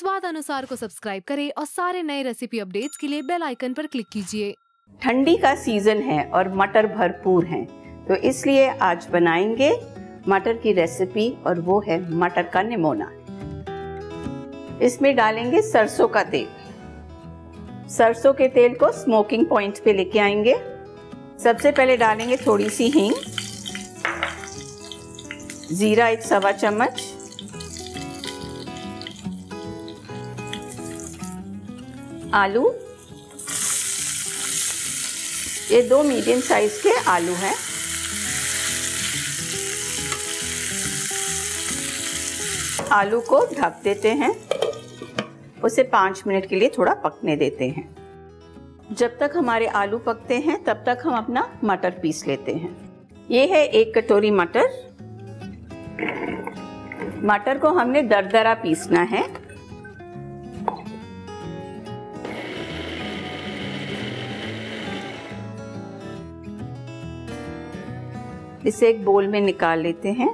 स्वाद अनुसार को सब्सक्राइब करें और सारे नए रेसिपी अपडेट्स के लिए बेल आइकन पर क्लिक कीजिए ठंडी का सीजन है और मटर भरपूर हैं तो इसलिए आज बनाएंगे मटर की रेसिपी और वो है मटर का निमोना इसमें डालेंगे सरसों का तेल सरसों के तेल को स्मोकिंग पॉइंट पे लेके आएंगे सबसे पहले डालेंगे थोड़ी सी हींग जीरा एक सवा चम्मच आलू ये दो मीडियम साइज के आलू हैं आलू को ढक देते हैं उसे पाँच मिनट के लिए थोड़ा पकने देते हैं जब तक हमारे आलू पकते हैं तब तक हम अपना मटर पीस लेते हैं ये है एक कटोरी मटर मटर को हमने दरदरा पीसना है इसे एक बोल में निकाल लेते हैं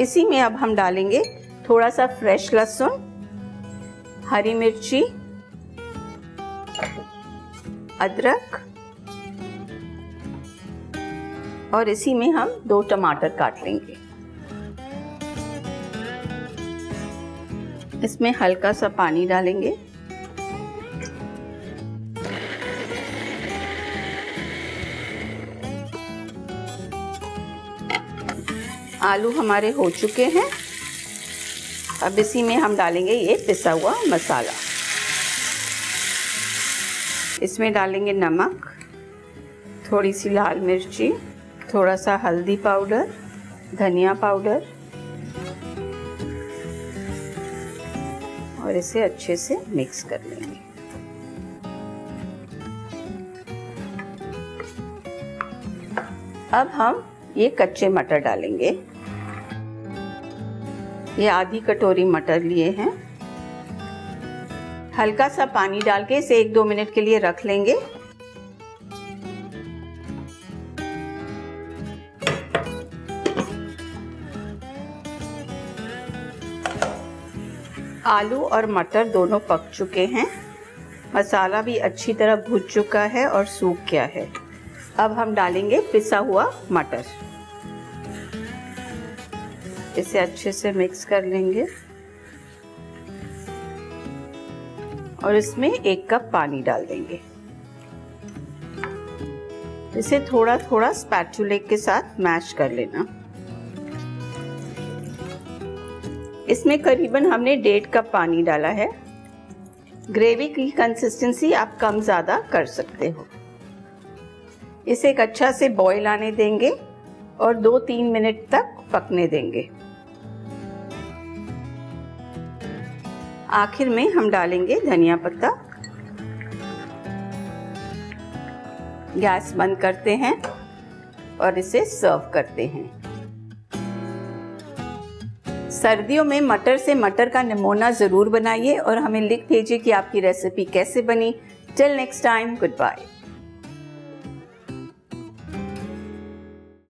इसी में अब हम डालेंगे थोड़ा सा फ्रेश लहसुन हरी मिर्ची अदरक और इसी में हम दो टमाटर काट लेंगे इसमें हल्का सा पानी डालेंगे आलू हमारे हो चुके हैं अब इसी में हम डालेंगे ये पिसा हुआ मसाला इसमें डालेंगे नमक थोड़ी सी लाल मिर्ची थोड़ा सा हल्दी पाउडर धनिया पाउडर और इसे अच्छे से मिक्स कर लेंगे अब हम ये कच्चे मटर डालेंगे ये आधी कटोरी मटर लिए हैं हल्का सा पानी डाल के इसे एक दो मिनट के लिए रख लेंगे आलू और मटर दोनों पक चुके हैं मसाला भी अच्छी तरह भुज चुका है और सूख गया है अब हम डालेंगे पिसा हुआ मटर इसे अच्छे से मिक्स कर लेंगे और इसमें एक कप पानी डाल देंगे इसे थोड़ा थोड़ा स्पैचुले के साथ मैश कर लेना इसमें करीबन हमने डेढ़ कप पानी डाला है ग्रेवी की कंसिस्टेंसी आप कम ज़्यादा कर सकते हो इसे एक अच्छा से बॉईल आने देंगे और दो तीन मिनट तक पकने देंगे आखिर में हम डालेंगे धनिया पत्ता गैस बंद करते हैं और इसे सर्व करते हैं सर्दियों में मटर से मटर का नमूना ज़रूर बनाइए और हमें लिख भेजिए कि आपकी रेसिपी कैसे बनी till next time good bye